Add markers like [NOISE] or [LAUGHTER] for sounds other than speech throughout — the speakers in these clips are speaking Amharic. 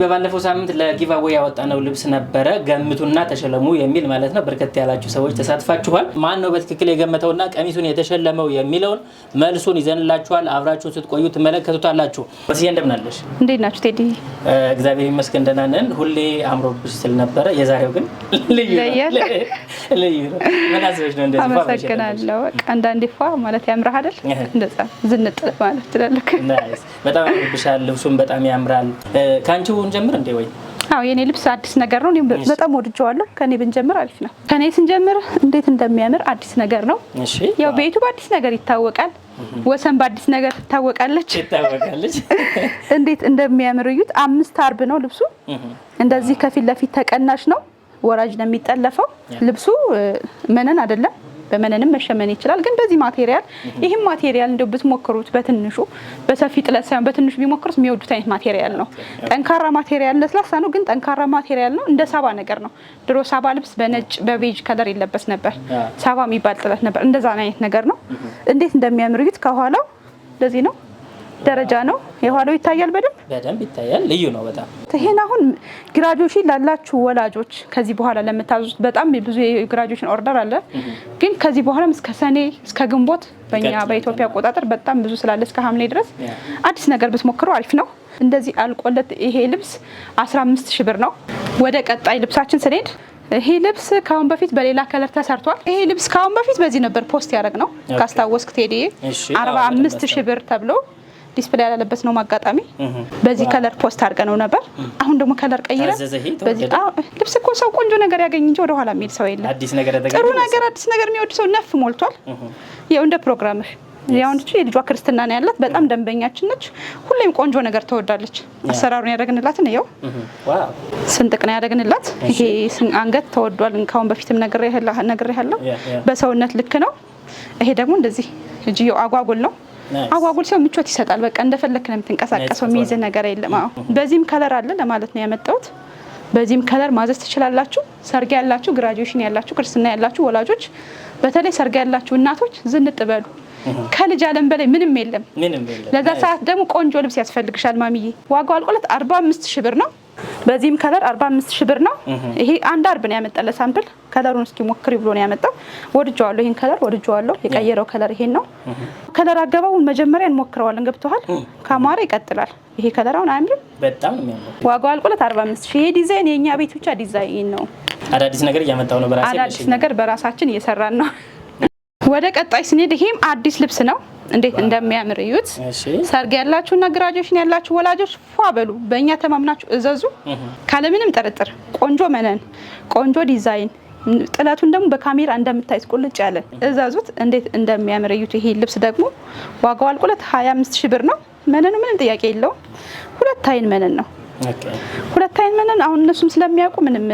በባለፈው ሳምንት ለጊቫዌይ ያወጣነው ልብስ ነበረ ገምቱና ተሸለሙ የሚል ማለት ነው። በርከት ያላችሁ ሰዎች ተሳትፋችኋል። ማን ነው በትክክል የገመተውና ቀሚሱን የተሸለመው የሚለውን መልሱን ይዘንላችኋል። አብራችሁን ስትቆዩ ትመለከቱታላችሁ። በስዬ እንደምናለሽ፣ እንዴት ናችሁ? ቴዲ እግዚአብሔር ይመስገን ደህና ነን። ሁሌ አምሮብሽ ስል ነበረ፣ የዛሬው ግን ልዩ ልዩ ነው። መናስበሽ ነው እንደዚህ አመሰግናለሁ። አንዳንዴ ፏ ማለት ያምራህ አይደል? እንደዛ ዝንጥ ማለት ትላለህ። [LAUGHS] በጣም አምሮብሻል። ልብሱን በጣም ያምራል ከአንቺውን እንጀምር እንዴ? ወይ አዎ፣ የኔ ልብስ አዲስ ነገር ነው። በጣም ወድጀዋለሁ። ከኔ ብንጀምር አሪፍ ነው። ከኔ ስንጀምር እንዴት እንደሚያምር አዲስ ነገር ነው። ያው ቤቱ በአዲስ ነገር ይታወቃል። ወሰን በአዲስ ነገር ትታወቃለች ትታወቃለች። [LAUGHS] እንዴት እንደሚያምር እዩት። አምስት አርብ ነው ልብሱ። እንደዚህ ከፊት ለፊት ተቀናሽ ነው። ወራጅ ነው የሚጠለፈው ልብሱ። መነን አይደለም በመነንም መሸመን ይችላል። ግን በዚህ ማቴሪያል ይህም ማቴሪያል እንደው ብትሞክሩት በትንሹ በሰፊ ጥለት ሳይሆን በትንሹ ቢሞክሩት የሚወዱት አይነት ማቴሪያል ነው። ጠንካራ ማቴሪያል ለስላሳ ነው፣ ግን ጠንካራ ማቴሪያል ነው። እንደ ሳባ ነገር ነው። ድሮ ሳባ ልብስ በነጭ በቤጅ ከለር ይለበስ ነበር። ሳባ የሚባል ጥለት ነበር። እንደዛ አይነት ነገር ነው። እንዴት እንደሚያምር ከኋላው እንደዚህ ነው፣ ደረጃ ነው የኋላው ይታያል በደንብ በደንብ ይታያል። ልዩ ነው በጣም ይሄን አሁን ግራጁዌሽን ላላችሁ ወላጆች ከዚህ በኋላ ለምታዙት በጣም ብዙ የግራጁዌሽን ኦርደር አለ። ግን ከዚህ በኋላም እስከ ሰኔ እስከ ግንቦት በእኛ በኢትዮጵያ አቆጣጠር በጣም ብዙ ስላለ እስከ ሐምሌ ድረስ አዲስ ነገር ብትሞክሩ አሪፍ ነው። እንደዚህ አልቆለት ይሄ ልብስ 15 ሽ ብር ነው። ወደ ቀጣይ ልብሳችን ስንሄድ ይሄ ልብስ ከአሁን በፊት በሌላ ከለር ተሰርቷል። ይሄ ልብስ ከአሁን በፊት በዚህ ነበር ፖስት ያደረግ ነው ካስታወስክ ቴዲ 45 ሺህ ብር ተብሎ ዲስፕሌይ ያላለበት ነው ማጋጣሚ። በዚህ ከለር ፖስት አድርገ ነው ነበር። አሁን ደግሞ ከለር ቀይረን ልብስ እኮ ሰው ቆንጆ ነገር ያገኝ እንጂ ወደኋላ የሚሄድ ሰው የለም። ጥሩ ነገር፣ አዲስ ነገር የሚወድ ሰው ነፍ ሞልቷል። ያው እንደ ፕሮግራምህ ች የልጇ ክርስትና ነው ያላት። በጣም ደንበኛችን ነች። ሁሌም ቆንጆ ነገር ትወዳለች። አሰራሩን ያደረግንላትን ው ስንጥቅ ነው ያደግንላት። ይሄ አንገት ተወዷል። ካሁን በፊትም ነግሬ ያለው በሰውነት ልክ ነው። ይሄ ደግሞ እንደዚህ እጅየው አጓጉል ነው። አጓጉል ሲሆን ምቾት ይሰጣል። በቃ እንደፈለክ ነው የምትንቀሳቀሰው፣ የሚይዝ ነገር የለም። አዎ በዚህም ከለር አለ ለማለት ነው ያመጣሁት። በዚህም ከለር ማዘዝ ትችላላችሁ። ሰርግ ያላችሁ፣ ግራጁዌሽን ያላችሁ፣ ክርስትና ያላችሁ ወላጆች፣ በተለይ ሰርግ ያላችሁ እናቶች ዝንጥ በሉ። ከልጅ አለም በላይ ምንም የለም። ለዛ ሰዓት ደግሞ ቆንጆ ልብስ ያስፈልግሻል ማሚዬ። ዋጋው አልቆለት አርባ አምስት ሺህ ብር ነው። በዚህም ከለር 45 ሺህ ብር ነው። ይሄ አንድ አርብ ነው ያመጣለ ሳምፕል ከለሩን እስኪ ሞክሪ ብሎ ነው ያመጣው። ወድጀዋለሁ፣ ይሄን ከለር ወድጀዋለሁ። የቀየረው ከለር ይሄን ነው። ከለር አገባቡን መጀመሪያ እንሞክረዋለን። ገብተዋል። ካማረ ይቀጥላል። ይሄ ከለር አሁን አያምርም? በጣም ነው የሚያምረው። ዋጋው አልቆለት 45 ሺህ። ይሄ ዲዛይን የኛ ቤት ብቻ ዲዛይን ነው። አዳዲስ ነገር እያመጣው ነው። በራሴ አዳዲስ ነገር በራሳችን እየሰራን ነው። ወደ ቀጣይ ስንሄድ ይሄም አዲስ ልብስ ነው። እንዴት እንደሚያምር እዩት። ሰርግ እና ግራጆሽን ያላችሁ ወላጆች ፏ በሉ፣ በእኛ ተማምናችሁ እዘዙ። ካለምንም ጥርጥር ቆንጆ መነን፣ ቆንጆ ዲዛይን፣ ጥለቱን ደግሞ በካሜራ እንደምታዩት ቁልጭ ያለ እዘዙት። እንዴት እንደሚያምር እዩት። ይሄ ልብስ ደግሞ ዋጋው አልቆለት 25 ሺህ ብር ነው። መነኑ ምንም ጥያቄ የለውም። ሁለት አይን መነን ነው። ሁለት አይን መነን አሁን እነሱም ስለሚያውቁ ምንም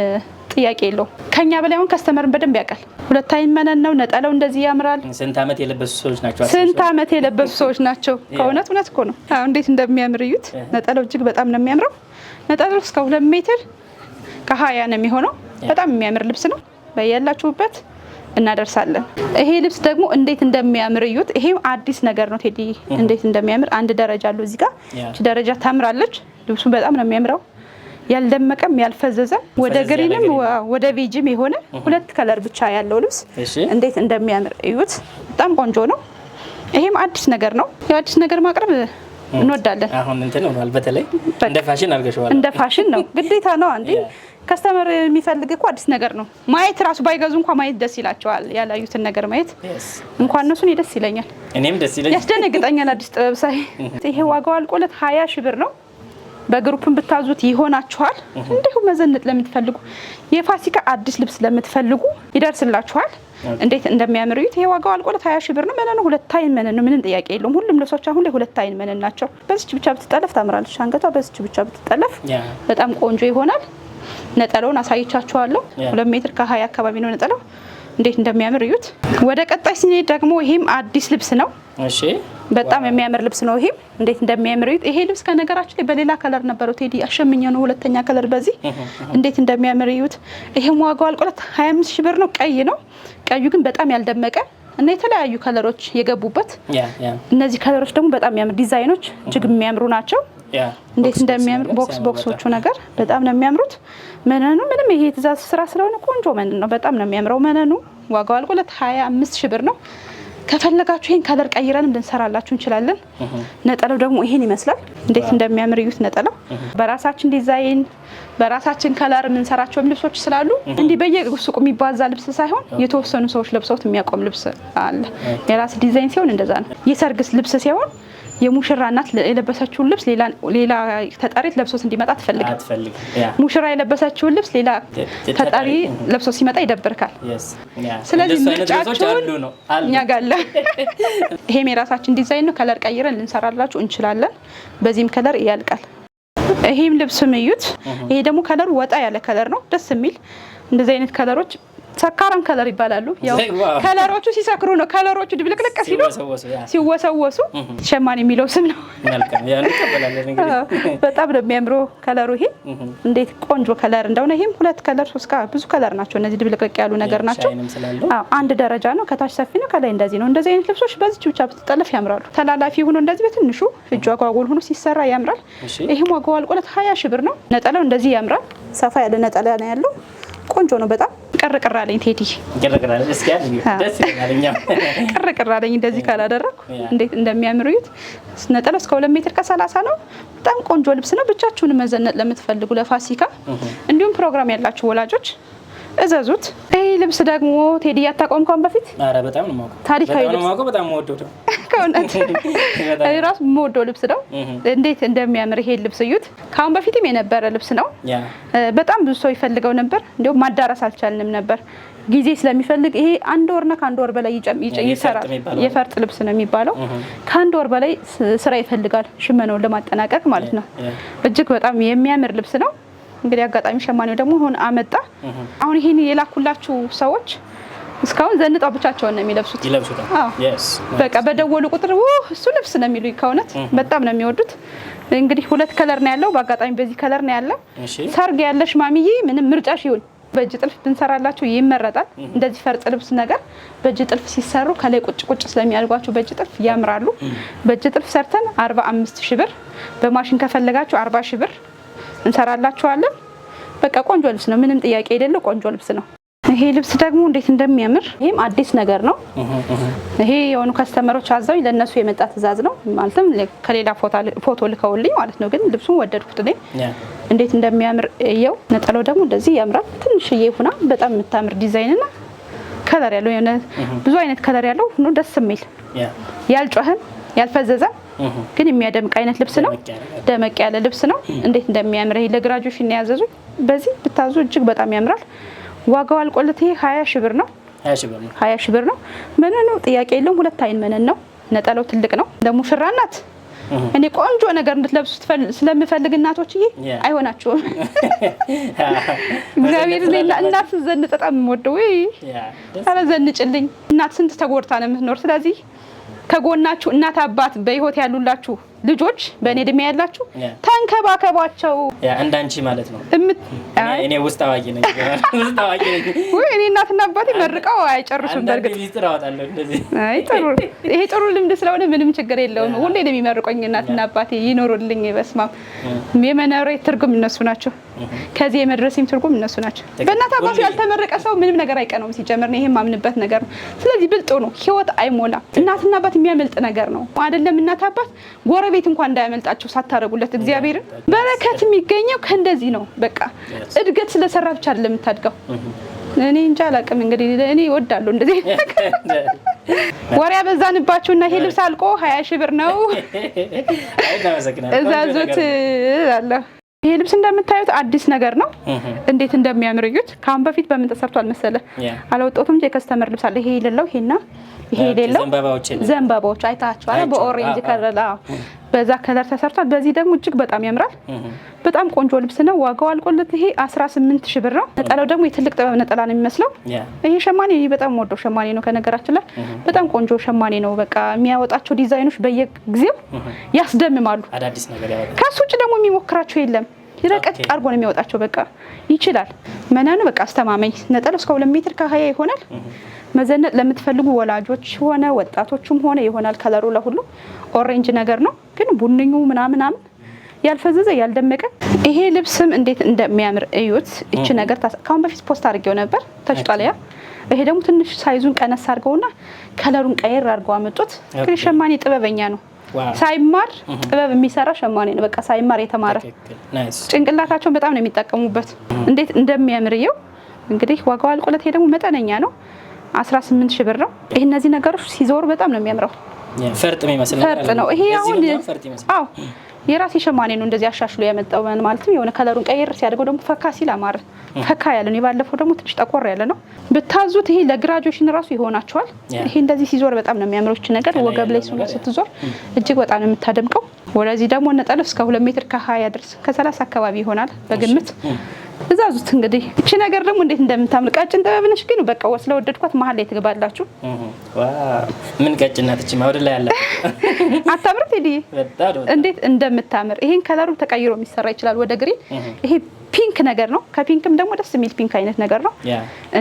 ጥያቄ የለው ከኛ በላይ አሁን ከስተመርን በደንብ ያውቃል። ሁለት አይመነን ነው ነጠለው እንደዚህ ያምራል። ስንት ዓመት የለበሱ ሰዎች ናቸው። ስንት ዓመት የለበሱ ሰዎች ናቸው። ከእውነት እውነት እኮ ነው። እንዴት እንደሚያምር እዩት። ነጠለው እጅግ በጣም ነው የሚያምረው። ነጠለው እስከ ሁለት ሜትር ከሀያ ነው የሚሆነው። በጣም የሚያምር ልብስ ነው። በያላችሁበት እናደርሳለን። ይሄ ልብስ ደግሞ እንዴት እንደሚያምር እዩት። ይሄም አዲስ ነገር ነው ቴዲ፣ እንዴት እንደሚያምር አንድ ደረጃ አለው እዚህ ጋር። ደረጃ ታምራለች። ልብሱ በጣም ነው የሚያምረው። ያልደመቀም ያልፈዘዘም ወደ ግሪንም ወደ ቬጅም የሆነ ሁለት ከለር ብቻ ያለው ልብስ እንዴት እንደሚያምር እዩት። በጣም ቆንጆ ነው። ይሄም አዲስ ነገር ነው። የአዲስ ነገር ማቅረብ እንወዳለን። አሁን እንትን ሆኗል። በተለይ እንደ ፋሽን አድርገሽዋል። እንደ ፋሽን ነው ግዴታ ነው። አንዴ ከስተመር የሚፈልግ እኮ አዲስ ነገር ነው ማየት። ራሱ ባይገዙ እንኳ ማየት ደስ ይላቸዋል። ያላዩትን ነገር ማየት እንኳን እነሱ ደስ ይለኛል፣ እኔም ደስ ይለኛል፣ ያስደነግጠኛል። አዲስ ጥበብ ሳይ [LAUGHS] ይሄ ዋጋው አልቆለት ሀያ ሺህ ብር ነው። በግሩፕን ብታዙት ይሆናችኋል። እንዲሁ መዘነጥ ለምትፈልጉ የፋሲካ አዲስ ልብስ ለምትፈልጉ ይደርስላችኋል። እንዴት እንደሚያምር እዩት። የዋጋው አልቆለት ሀያ ሺ ብር ነው። መነኑ ሁለት አይን መነን ነው። ምንም ጥያቄ የለውም። ሁሉም ልብሶች አሁን ላይ ሁለት አይን መነን ናቸው። በዚች ብቻ ብትጠለፍ ታምራለች። አንገቷ በዚች ብቻ ብትጠለፍ በጣም ቆንጆ ይሆናል። ነጠላውን አሳይቻችኋለሁ። ሁለት ሜትር ከሀያ አካባቢ ነው ነጠላው። እንዴት እንደሚያምር እዩት። ወደ ቀጣይ ስንሄድ ደግሞ ይሄም አዲስ ልብስ ነው። እሺ በጣም የሚያምር ልብስ ነው። ይሄም እንዴት እንደሚያምር እዩት። ይሄ ልብስ ከነገራችን ላይ በሌላ ከለር ነበረው ቴዲ አሸምኘ ነው ሁለተኛ ከለር። በዚህ [LAUGHS] እንዴት እንደሚያምር እዩት። ይሄም ዋጋው አልቆለት 25 ሺህ ብር ነው። ቀይ ነው። ቀዩ ግን በጣም ያልደመቀ እና የተለያዩ ከለሮች የገቡበት እነዚህ ከለሮች ደግሞ በጣም የሚያምር ዲዛይኖች እጅግ የሚያምሩ ናቸው። እንዴት እንደሚያምር ቦክስ ቦክሶቹ ነገር በጣም ነው የሚያምሩት። መነኑ ምንም ይሄ የትእዛዝ ስራ ስለሆነ ቆንጆ መነን ነው። በጣም ነው የሚያምረው መነኑ። ዋጋው አልቆለት 25 ሺህ ብር ነው። ከፈለጋችሁ ይሄን ከለር ቀይረን ልንሰራላችሁ እንችላለን። ነጠላው ደግሞ ይሄን ይመስላል። እንዴት እንደሚያምር እዩት። ነጠላው በራሳችን ዲዛይን በራሳችን ከለር የምንሰራቸው ልብሶች ስላሉ እንዲህ በየሱቁ የሚባዛ ልብስ ሳይሆን የተወሰኑ ሰዎች ለብሰውት የሚያቆም ልብስ አለ። የራስ ዲዛይን ሲሆን እንደዛ ነው። የሰርግስ ልብስ ሲሆን የሙሽራ እናት የለበሰችውን ልብስ ሌላ ተጠሪ ለብሶት እንዲመጣ አትፈልግም። ሙሽራ የለበሰችውን ልብስ ሌላ ተጠሪ ለብሶ ሲመጣ ይደብርካል። ስለዚህ ምርጫችሁን እኛ ጋር አለ። [LAUGHS] ይሄም የራሳችን ዲዛይን ነው። ከለር ቀይረን ልንሰራላችሁ እንችላለን። በዚህም ከለር ያልቃል። ይሄም ልብስ ምዩት። ይሄ ደግሞ ከለሩ ወጣ ያለ ከለር ነው፣ ደስ የሚል እንደዚህ አይነት ከለሮች ሰካራም ከለር ይባላሉ። ያው ከለሮቹ ሲሰክሩ ነው። ከለሮቹ ድብልቅልቅ ሲሉ ሲወሰወሱ ሸማኔ የሚለው ስም ነው። በጣም ነው የሚያምሮ ከለሩ። ይሄ እንዴት ቆንጆ ከለር እንደሆነ ይሄም ሁለት ከለር ሶስት ብዙ ከለር ናቸው እነዚህ። ድብልቅልቅ ያሉ ነገር ናቸው። አንድ ደረጃ ነው። ከታች ሰፊ ነው፣ ከላይ እንደዚህ ነው። እንደዚህ አይነት ልብሶች በዚች ብቻ ብትጠለፍ ያምራሉ። ተላላፊ ሆኖ እንደዚህ በትንሹ እጁ አጓጉል ሆኖ ሲሰራ ያምራል። ይህም ዋጋው አልቆለት ሀያ ሺ ብር ነው። ነጠላው እንደዚህ ያምራል። ሰፋ ያለ ነጠላ ነው ያለው። ቆንጆ ነው በጣም ቅር ቅር አለኝ ቴዲ፣ ቅር ቅር አለኝ [LAUGHS] እንደዚህ ካላደረግኩ እንዴት እንደሚያምሩት ነጠላው እስከ ሁለት ሜትር ከሰላሳ ነው። በጣም ቆንጆ ልብስ ነው። ብቻችሁን መዘነጥ ለምትፈልጉ ለፋሲካ፣ እንዲሁም ፕሮግራም ያላችሁ ወላጆች እዘዙት። ይህ ልብስ ደግሞ ቴዲ ያታውቀውም ከአሁን በፊት ታሪካዊ ራሱ የምወደው ልብስ ነው። እንዴት እንደሚያምር ይሄ ልብስ እዩት። ከአሁን በፊትም የነበረ ልብስ ነው። በጣም ብዙ ሰው ይፈልገው ነበር፣ እንዲሁም ማዳረስ አልቻልንም ነበር ጊዜ ስለሚፈልግ ይሄ አንድ ወርና ከአንድ ወር በላይ ይሰራል። የፈርጥ ልብስ ነው የሚባለው። ከአንድ ወር በላይ ስራ ይፈልጋል ሽመናውን ለማጠናቀቅ ማለት ነው። እጅግ በጣም የሚያምር ልብስ ነው። እንግዲህ አጋጣሚ ሸማኔው ደግሞ አሁን አመጣ። አሁን ይሄን የላኩላችሁ ሰዎች እስካሁን ዘንጣ ብቻቸውን ነው የሚለብሱት። በቃ በደወሉ ቁጥር እሱ ልብስ ነው የሚሉ ከእውነት በጣም ነው የሚወዱት። እንግዲህ ሁለት ከለር ነው ያለው። በአጋጣሚ በዚህ ከለር ነው ያለው። ሰርግ ያለሽ ማሚዬ፣ ምንም ምርጫሽ ይሁን በእጅ ጥልፍ ብንሰራላችሁ ይመረጣል። እንደዚህ ፈርጥ ልብስ ነገር በእጅ ጥልፍ ሲሰሩ ከላይ ቁጭ ቁጭ ስለሚያልጓቸው በእጅ ጥልፍ ያምራሉ። በእጅ ጥልፍ ሰርተን 45 ሺህ ብር፣ በማሽን ከፈለጋችሁ 40 ሺህ ብር እንሰራላችኋለን። በቃ ቆንጆ ልብስ ነው፣ ምንም ጥያቄ የሌለው ቆንጆ ልብስ ነው። ይሄ ልብስ ደግሞ እንዴት እንደሚያምር ይህም አዲስ ነገር ነው። ይሄ የሆኑ ከስተመሮች አዛው ለእነሱ የመጣ ትዕዛዝ ነው። ማለትም ከሌላ ፎቶ ልከውልኝ ማለት ነው። ግን ልብሱን ወደድኩት እኔ እንዴት እንደሚያምር እየው። ነጠላው ደግሞ እንደዚህ ያምራል። ትንሽዬ ሁና በጣም የምታምር ዲዛይንና ከለር ያለው ብዙ አይነት ከለር ያለው ሁኖ ደስ የሚል ያልጮህን ያልፈዘዘም። ግን የሚያደምቅ አይነት ልብስ ነው። ደመቅ ያለ ልብስ ነው። እንዴት እንደሚያምር ይሄ ለግራጁዌሽን ያዘዙ በዚህ ብታዙ እጅግ በጣም ያምራል። ዋጋው አልቆለት ይሄ ሀያ ሺህ ብር ነው። ሀያ ሺህ ብር ነው። መነኑ ጥያቄ የለውም። ሁለት አይን መነን ነው። ነጠላው ትልቅ ነው። ለሙሽራ እናት እኔ ቆንጆ ነገር እንድትለብሱ ስለምፈልግ እናቶች ይ አይሆናችሁም። [LAUGHS] እግዚአብሔር እናት ዘንጥ በጣም የምወደው ኧረ ዘንጭልኝ። እናት ስንት ተጎድታ ነው የምትኖር። ስለዚህ ከጎናችሁ እናት አባት በህይወት ያሉላችሁ ልጆች በእኔ እድሜ ያላችሁ ተንከባከቧቸው። እንዳንቺ ማለት ነው። እኔ ውስጥ አዋቂ ነኝ። እኔ እናትና አባቴ መርቀው አይጨርሱም። በእርግጥ ይሄ ጥሩ ልምድ ስለሆነ ምንም ችግር የለውም። ሁሌ ነው የሚመርቆኝ እናትና አባቴ ይኖሩልኝ። በስማም የመኖሬ ትርጉም እነሱ ናቸው። ከዚህ የመድረሴም ትርጉም እነሱ ናቸው። በእናት አባቱ ያልተመረቀ ሰው ምንም ነገር አይቀነውም። ሲጀምር ነው ይሄ የማምንበት ነገር ነው። ስለዚህ ብልጡ ነው። ህይወት አይሞላም። እናትና አባት የሚያመልጥ ነገር ነው አይደለም። እናት አባት፣ ጎረቤት እንኳን እንዳያመልጣቸው ሳታረጉለት እግዚአብሔርን። በረከት የሚገኘው ከእንደዚህ ነው። በቃ እድገት ስለሰራ ብቻ አይደለም የምታድገው። እኔ እንጃ አላውቅም። እንግዲህ እኔ እወዳለሁ እንደዚህ ወሬ ያበዛንባችሁ እና ይሄ ልብስ አልቆ ሀያ ሺህ ብር ነው እዛዙት አለሁ ይሄ ልብስ እንደምታዩት አዲስ ነገር ነው። እንዴት እንደሚያምር እዩት። ከአሁን በፊት በምን ተሰርቷል መሰለ አላወጣሁትም። የከስተመር ልብስ አለ። ይሄ የሌለው ይሄና ይሄ የሌለው ዘንባባዎች አይታችኋል። በኦሬንጅ ከለር በዛ ከለር ተሰርቷል። በዚህ ደግሞ እጅግ በጣም ያምራል። በጣም ቆንጆ ልብስ ነው። ዋጋው አልቆለት ይሄ 18 ሺህ ብር ነው። ነጠላው ደግሞ የትልቅ ጥበብ ነጠላ ነው የሚመስለው። ይሄ ሸማኔ በጣም ወደው ሸማኔ ነው። ከነገራችን ላይ በጣም ቆንጆ ሸማኔ ነው። በቃ የሚያወጣቸው ዲዛይኖች በየጊዜው ያስደምማሉ። ከሱ ውጭ ደግሞ የሚሞክራቸው የለም። ረቀቅ አድርጎ ነው የሚያወጣቸው። በቃ ይችላል። መነኑ በቃ አስተማመኝ ነጠላው እስከ ሁለት ሜትር ከሀያ ይሆናል። መዘነጥ ለምትፈልጉ ወላጆች ሆነ ወጣቶችም ሆነ ይሆናል። ከለሩ ለሁሉ ኦሬንጅ ነገር ነው። ግን ቡንኙ ምናምናምን ያልፈዘዘ ያልደመቀ ይሄ ልብስም እንዴት እንደሚያምር እዩት። እቺ ነገር ካሁን በፊት ፖስት አድርጌው ነበር ተጭጧል። ያ ይሄ ደግሞ ትንሽ ሳይዙን ቀነስ አድርገውና ከለሩን ቀየር አድርገው አመጡት። ግን ሸማኔ ጥበበኛ ነው። ሳይማር ጥበብ የሚሰራ ሸማኔ ነው። በቃ ሳይማር የተማረ ጭንቅላታቸውን በጣም ነው የሚጠቀሙበት። እንዴት እንደሚያምር እየው። እንግዲህ ዋጋው አልቆለት ይሄ ደግሞ መጠነኛ ነው። 18 ሺ ብር ነው። ይህ እነዚህ ነገሮች ሲዞሩ በጣም ነው የሚያምረው። ፈርጥ ይመስል ፈርጥ ነው ይሄ። አሁን አዎ የራሴ ሸማኔ ነው እንደዚህ አሻሽሎ ያመጣው ማለትም የሆነ ከለሩን ቀይር ሲያደርገው ደግሞ ፈካ ሲል አማረ ፈካ ያለ ነው። የባለፈው ደግሞ ትንሽ ጠቆር ያለ ነው። ብታዙት ይሄ ለግራጆሽን ራሱ ይሆናቸዋል። ይሄ እንደዚህ ሲዞር በጣም ነው የሚያምሮች ነገር ወገብ ላይ ስትዞር እጅግ በጣም ነው የምታደምቀው። ወደዚህ ደግሞ ነጠለፍ እስከ ሁለት ሜትር ከሀያ ድረስ ከሰላሳ አካባቢ ይሆናል በግምት እዛዙት እንግዲህ እቺ ነገር ደግሞ እንዴት እንደምታምር ቀጭን ጥበብ ነሽ፣ ግን በቃ ወደድኳት መሀል ላይ ትገባላችሁ። ምን ቀጭን ናት እቺ ማውደ ላይ ያለ [LAUGHS] አታምር ቴዲ እንዴት እንደምታምር ይሄን ከለሩ ተቀይሮ የሚሰራ ይችላል ወደ ግሪን። ይሄ ፒንክ ነገር ነው። ከፒንክም ደግሞ ደስ የሚል ፒንክ አይነት ነገር ነው።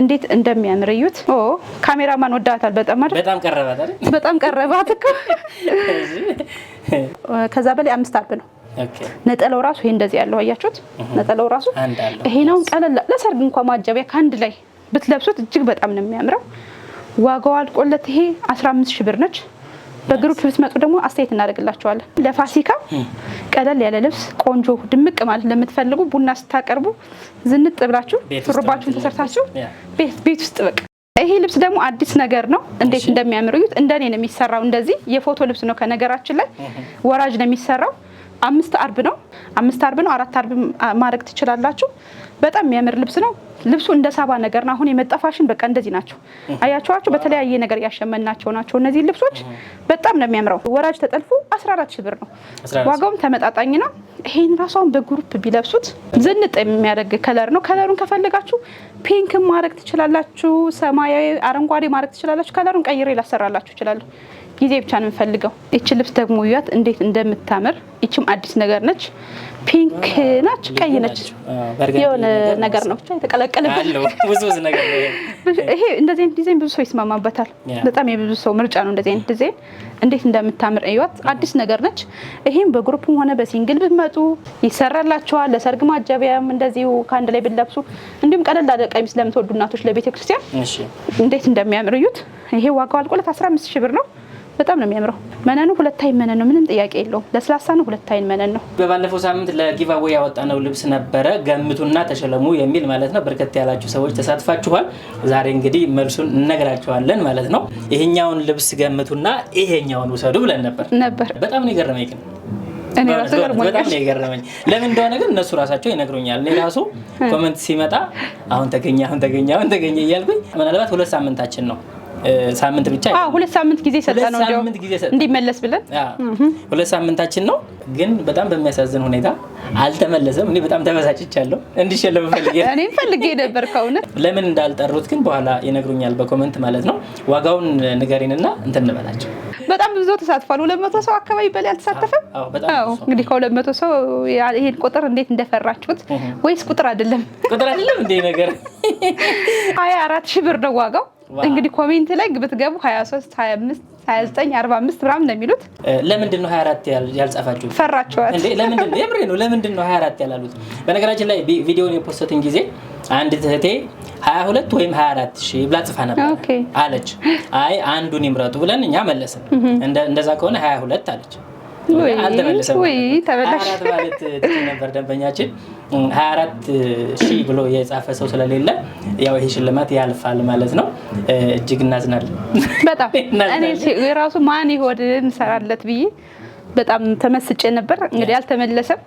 እንዴት እንደሚያምር እዩት። ኦ ካሜራማን ወዳታል በጣም አይደል? በጣም ቀረባት በጣም ቀረባት እኮ ከዛ በላይ አምስት አብ ነው ነጠላው ራሱ ይሄ እንደዚህ ያለው አያችሁት? ነጠለው ራሱ ይሄ ነው። ቀለል ለሰርግ እንኳን ማጀቢያ ከአንድ ላይ ብትለብሱት እጅግ በጣም ነው የሚያምረው። ዋጋው አልቆለት ይሄ 15 ሺህ ብር ነች። በግሩፕ ብትመጡ ደግሞ አስተያየት እናደርግላቸዋለን። ለፋሲካ ቀለል ያለ ልብስ ቆንጆ ድምቅ ማለት ለምትፈልጉ ቡና ስታቀርቡ ዝንጥ ብላችሁ ሹሩባችሁን ተሰርታችሁ ቤት ውስጥ በቃ ይሄ ልብስ ደግሞ አዲስ ነገር ነው። እንዴት እንደሚያምር እዩት። እንደኔ ነው የሚሰራው። እንደዚህ የፎቶ ልብስ ነው። ከነገራችን ላይ ወራጅ ነው የሚሰራው አምስት አርብ ነው። አምስት አርብ ነው። አራት አርብ ማድረግ ትችላላችሁ። በጣም የሚያምር ልብስ ነው። ልብሱ እንደ ሳባ ነገር ነው። አሁን የመጣ ፋሽን በቃ እንደዚህ ናቸው። አያችኋቸው፣ በተለያየ ነገር ያሸመናቸው ናቸው። እነዚህ ልብሶች በጣም ነው የሚያምረው። ወራጅ ተጠልፎ 14 ሺ ብር ነው። ዋጋውም ተመጣጣኝ ነው። ይሄን ራሷን በግሩፕ ቢለብሱት ዝንጥ የሚያደርግ ከለር ነው። ከለሩን ከፈለጋችሁ ፒንክ ማድረግ ትችላላችሁ፣ ሰማያዊ፣ አረንጓዴ ማድረግ ትችላላችሁ። ከለሩን ቀይሬ ላሰራላችሁ እችላለሁ። ጊዜ ብቻ ነው የምፈልገው። ይች ልብስ ደግሞ እዩት እንዴት እንደምታምር። ይችም አዲስ ነገር ነች። ፒንክ ናች፣ ቀይ ነች፣ የሆነ ነገር ነው ብቻ የተቀላቀለበት። ይሄ እንደዚህ አይነት ዲዛይን ብዙ ሰው ይስማማበታል። በጣም የብዙ ሰው ምርጫ ነው እንደዚህ አይነት ዲዛይን እንዴት እንደምታምር እዩዋት። አዲስ ነገር ነች። ይህም በግሩፕም ሆነ በሲንግል ብትመጡ ይሰራላችኋል። ለሰርግ ማጀቢያም እንደዚሁ ከአንድ ላይ ብለብሱ፣ እንዲሁም ቀለል ያለ ቀሚስ ለምትወዱ እናቶች ለቤተክርስቲያን እንዴት እንደሚያምር እዩት። ይሄ ዋጋው አልቆለት 15 ሺህ ብር ነው። በጣም ነው የሚያምረው። መነኑ ሁለት አይን መነን ነው፣ ምንም ጥያቄ የለውም። ለስላሳ ነው፣ ሁለት አይን መነን ነው። በባለፈው ሳምንት ለጊቫዌ ያወጣነው ልብስ ነበረ ገምቱና ተሸለሙ የሚል ማለት ነው። በርከት ያላችሁ ሰዎች ተሳትፋችኋል። ዛሬ እንግዲህ መልሱን እነግራችኋለን ማለት ነው። ይሄኛውን ልብስ ገምቱና ይሄኛውን ውሰዱ ብለን ነበር ነበር። በጣም ነው የገረመኝ ግን እኔ በጣም ነው የገረመኝ። ለምን እንደሆነ ግን እነሱ ራሳቸው ይነግሩኛል። እኔ ራሱ ኮመንት ሲመጣ አሁን ተገኘ አሁን ተገኘ አሁን ተገኘ እያልኩኝ ምናልባት ሁለት ሳምንታችን ነው ሳምንት ብቻ ሁለት ሳምንት ጊዜ ሰጠነው እንዲመለስ ብለን ሁለት ሳምንታችን ነው። ግን በጣም በሚያሳዝን ሁኔታ አልተመለሰም። እኔ በጣም ተበሳጭቻለሁ። እንዲሸለም ፈልጌ እኔም ፈልጌ ነበር ከእውነት። ለምን እንዳልጠሩት ግን በኋላ ይነግሩኛል በኮመንት ማለት ነው። ዋጋውን ንገሪንና እንትን እንበላቸው። በጣም ብዙ ተሳትፏል። ሁለት መቶ ሰው አካባቢ በላይ አልተሳተፈም። እንግዲህ ከሁለት መቶ ሰው ይሄን ቁጥር እንዴት እንደፈራችሁት ወይስ ቁጥር አይደለም? ቁጥር አይደለም እንዴ ነገር ሀያ አራት ሺህ ብር ነው ዋጋው እንግዲህ ኮሜንት ላይ ብትገቡ 23 25 29 45 ምናምን ነው የሚሉት። ለምንድን ነው 24 ያልጻፋችሁ? ፈራችኋት? የምሬ ነው። ለምንድን ነው 24 ያላሉት? በነገራችን ላይ ቪዲዮን የፖስትን ጊዜ አንድ እህቴ 22 ወይም 24 ሺህ ብላ ጽፋ ነበር አለች። አይ አንዱን ይምረጡ ብለን እኛ መለስን። እንደዛ ከሆነ 22 አለች ነበር ደንበኛችን። ሀያ አራት ሺህ ብሎ የጻፈ ሰው ስለሌለ ያው ይሄ ሽልማት ያልፋል ማለት ነው። እጅግ እናዝናለን በጣም [LAUGHS] እኔ የራሱ ማን ይሆን እንሰራለት ብዬ በጣም ተመስጬ ነበር። እንግዲህ አልተመለሰም።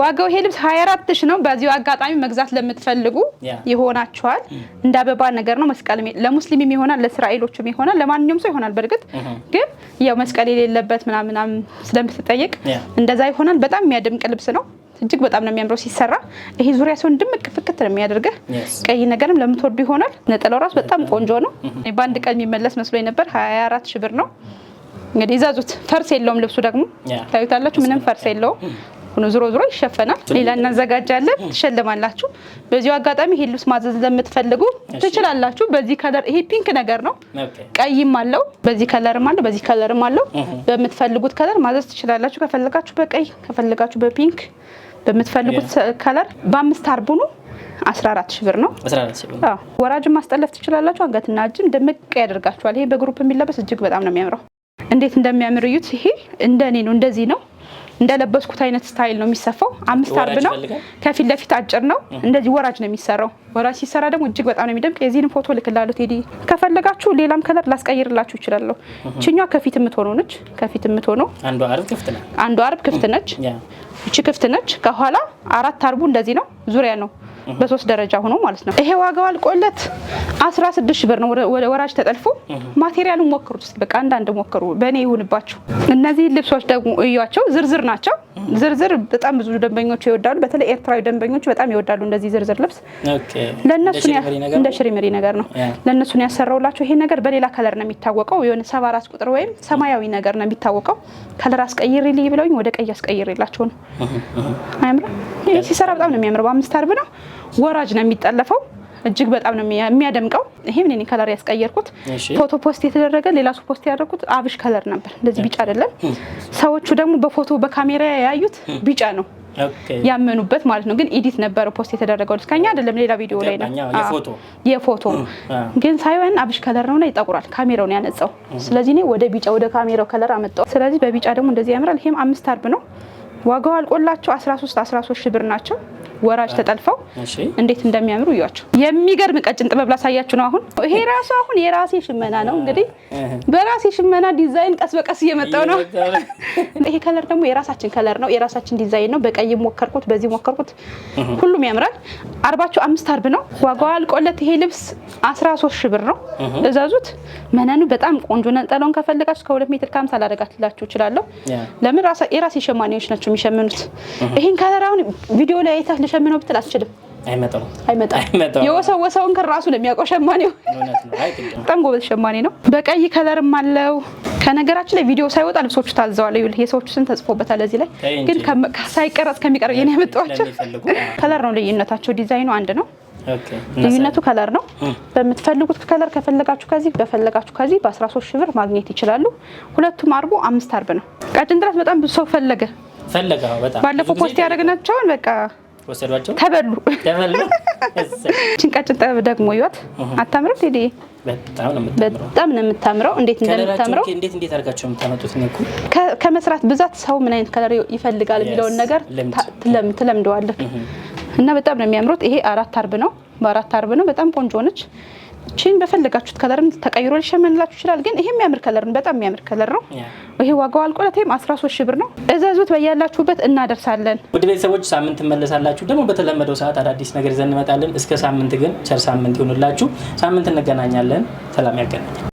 ዋጋው ይሄ ልብስ 24 ሺህ ነው። በዚሁ አጋጣሚ መግዛት ለምትፈልጉ ይሆናችኋል። እንደ አበባ ነገር ነው። መስቀል ለሙስሊምም ይሆናል፣ ለእስራኤሎችም ይሆናል፣ ለማንኛውም ሰው ይሆናል። በእርግጥ ግን ያው መስቀል የሌለበት ምናምናም ስለምትጠየቅ እንደዛ ይሆናል። በጣም የሚያደምቅ ልብስ ነው። እጅግ በጣም ነው የሚያምረው ሲሰራ። ይሄ ዙሪያ ሰውን ድምቅ ፍክት ነው የሚያደርገህ። ቀይ ነገርም ለምትወዱ ይሆናል። ነጠላው ራሱ በጣም ቆንጆ ነው። በአንድ ቀን የሚመለስ መስሎ ነበር። 24 ሺ ብር ነው። እንግዲህ ይዛዙት። ፈርስ የለውም ልብሱ ደግሞ ታዩታላችሁ። ምንም ፈርስ የለውም። ሆኖ ዝሮ ዝሮ ይሸፈናል። ሌላ እናዘጋጃለን፣ ትሸልማላችሁ። በዚሁ አጋጣሚ ይሄ ልብስ ማዘዝ ለምትፈልጉ ትችላላችሁ። በዚህ ከለር ይሄ ፒንክ ነገር ነው፣ ቀይም አለው፣ በዚህ ከለርም አለው፣ በዚህ ከለርም አለው። በምትፈልጉት ከለር ማዘዝ ትችላላችሁ። ከፈለጋችሁ በቀይ ከፈለጋችሁ በፒንክ በምትፈልጉት ከለር በአምስት አርቡኑ 14 ሺህ ብር ነው። ወራጅን ማስጠለፍ ትችላላችሁ። አንገትና እጅም ድምቅ ያደርጋችኋል። ይሄ በግሩፕ የሚለበስ እጅግ በጣም ነው የሚያምረው። እንዴት እንደሚያምር እዩት። ይሄ እንደኔ ነው፣ እንደዚህ ነው እንደለበስኩት አይነት ስታይል ነው የሚሰፋው። አምስት አርብ ነው። ከፊት ለፊት አጭር ነው። እንደዚህ ወራጅ ነው የሚሰራው። ወራጅ ሲሰራ ደግሞ እጅግ በጣም ነው የሚደምቅ። የዚህን ፎቶ ልክላለሁ ቴዲ። ከፈለጋችሁ ሌላም ከለር ላስቀይርላችሁ ይችላለሁ። ችኛ ከፊት የምትሆነው ነች። ከፊት የምትሆነው አንዱ አርብ ክፍት ነች። እቺ ክፍት ነች። ከኋላ አራት አርቡ እንደዚህ ነው። ዙሪያ ነው በሶስት ደረጃ ሆኖ ማለት ነው። ይሄ ዋጋው አልቆለት 16 ሺህ ብር ነው። ወራጅ ተጠልፎ ማቴሪያሉን ሞክሩት እስኪ በቃ አንዳንድ ሞክሩ፣ በእኔ ይሁንባችሁ። እነዚህ ልብሶች ደግሞ እያቸው ዝርዝር ናቸው። ዝርዝር በጣም ብዙ ደንበኞች ይወዳሉ። በተለይ ኤርትራዊ ደንበኞች በጣም ይወዳሉ እንደዚህ ዝርዝር ልብስ። ለእነሱ እንደ ሽሪምሪ ነገር ነው ለእነሱን ያሰራውላቸው። ይሄ ነገር በሌላ ከለር ነው የሚታወቀው፣ የሆነ ሰባ አራት ቁጥር ወይም ሰማያዊ ነገር ነው የሚታወቀው። ከለር አስቀይሪልኝ ብለውኝ ወደ ቀይ አስቀይሪላቸው ነው። አያምርም? ሲሰራ በጣም ነው የሚያምር። በአምስት አርብ ነው ወራጅ ነው የሚጠለፈው። እጅግ በጣም ነው የሚያደምቀው። ይህም እኔ ከለር ያስቀየርኩት ፎቶ ፖስት የተደረገ ሌላ ሱ ፖስት ያደረኩት አብሽ ከለር ነበር፣ እንደዚህ ቢጫ አይደለም። ሰዎቹ ደግሞ በፎቶ በካሜራ ያዩት ቢጫ ነው ያመኑበት ማለት ነው። ግን ኢዲት ነበረ ፖስት የተደረገው ልስከኛ አይደለም፣ ሌላ ቪዲዮ ላይ ነው የፎቶ ግን ሳይሆን አብሽ ከለር ነውና ይጠቁራል። ካሜራውን ያነጻው። ስለዚህ እኔ ወደ ቢጫ ወደ ካሜራው ከለር አመጣው። ስለዚህ በቢጫ ደግሞ እንደዚህ ያምራል። ይሄም አምስት አርብ ነው። ዋጋው አልቆላቸው 13 13 ሺህ ብር ናቸው። ወራጅ ተጠልፈው እንዴት እንደሚያምሩ እያቸው። የሚገርም ቀጭን ጥበብ ላሳያችሁ ነው። አሁን ይሄ ራሱ አሁን የራሴ ሽመና ነው። እንግዲህ በራሴ ሽመና ዲዛይን ቀስ በቀስ እየመጣው ነው። ይሄ ከለር ደግሞ የራሳችን ከለር ነው፣ የራሳችን ዲዛይን ነው። በቀይ ሞከርኩት፣ በዚህ ሞከርኩት፣ ሁሉም ያምራል። አርባቸው አምስት አርብ ነው። ዋጋው አልቆለት ይሄ ልብስ 13 ሺህ ብር ነው። እዛዙት መነኑ በጣም ቆንጆ ነጠለውን ከፈለጋችሁ ከሁለት ሜትር ከሀምሳ ላደርጋላችሁ እችላለሁ። ለምን የራሴ ሸማኔዎች ናቸው የሚሸምኑት። ይህን ከለር አሁን ቪዲዮ ላይ አይታችሁ ሸምነው ብትል አስችልም። አይመጣም። የወሰወሰውን ክር ራሱ ነው የሚያውቀው ሸማኔው። በጣም ጎበዝ ሸማኔ ነው። በቀይ ከለርም አለው። ከነገራችን ላይ ቪዲዮ ሳይወጣ ልብሶቹ ታዘዋል። ይኸውልህ የሰዎቹ ስም ተጽፎበታል። እዚህ ላይ ግን ሳይቀረጽ ከሚቀርብ የኔ ያመጣኋቸው ከለር ነው ልዩነታቸው። ዲዛይኑ አንድ ነው። ልዩነቱ ከለር ነው። በምትፈልጉት ከለር ከፈለጋችሁ ከዚህ በፈለጋችሁ ከዚህ በ13 ሺህ ብር ማግኘት ይችላሉ። ሁለቱም አርቦ አምስት አርብ ነው። ቀጭን ድረስ በጣም ብዙ ሰው ፈለገ ፈለገ። ባለፈው ፖስት ያደረግናቸውን በቃ ወሰዷቸው ተበሉ ተበሉ። ጭንቃጭን ጠብ ደግሞ ይወት አታምርም። ቴዲ በጣም ነው የምታምረው። እንዴት እንደምታምረው እንዴት እንዴት አድርጋችሁ የምታመጡት ነው። ከመስራት ብዛት ሰው ምን አይነት ከለር ይፈልጋል የሚለውን ነገር ትለምደዋለህ እና በጣም ነው የሚያምሩት። ይሄ አራት አርብ ነው፣ በአራት አርብ ነው። በጣም ቆንጆ ነች። ቺን በፈለጋችሁት ከለርም ተቀይሮ ሊሸመንላችሁ ይችላል። ግን ይሄ የሚያምር ከለር ነው፣ በጣም የሚያምር ከለር ነው። ይሄ ዋጋው አልቆለት ይሄም 13 ሺህ ብር ነው። እዘዙት፣ በያላችሁበት እናደርሳለን። ውድ ቤተሰቦች ሳምንት መለሳላችሁ ደግሞ በተለመደው ሰዓት አዳዲስ ነገር ይዘን እንመጣለን። እስከ ሳምንት ግን ቸር ሳምንት ይሁንላችሁ። ሳምንት እንገናኛለን። ሰላም ያገናኛል።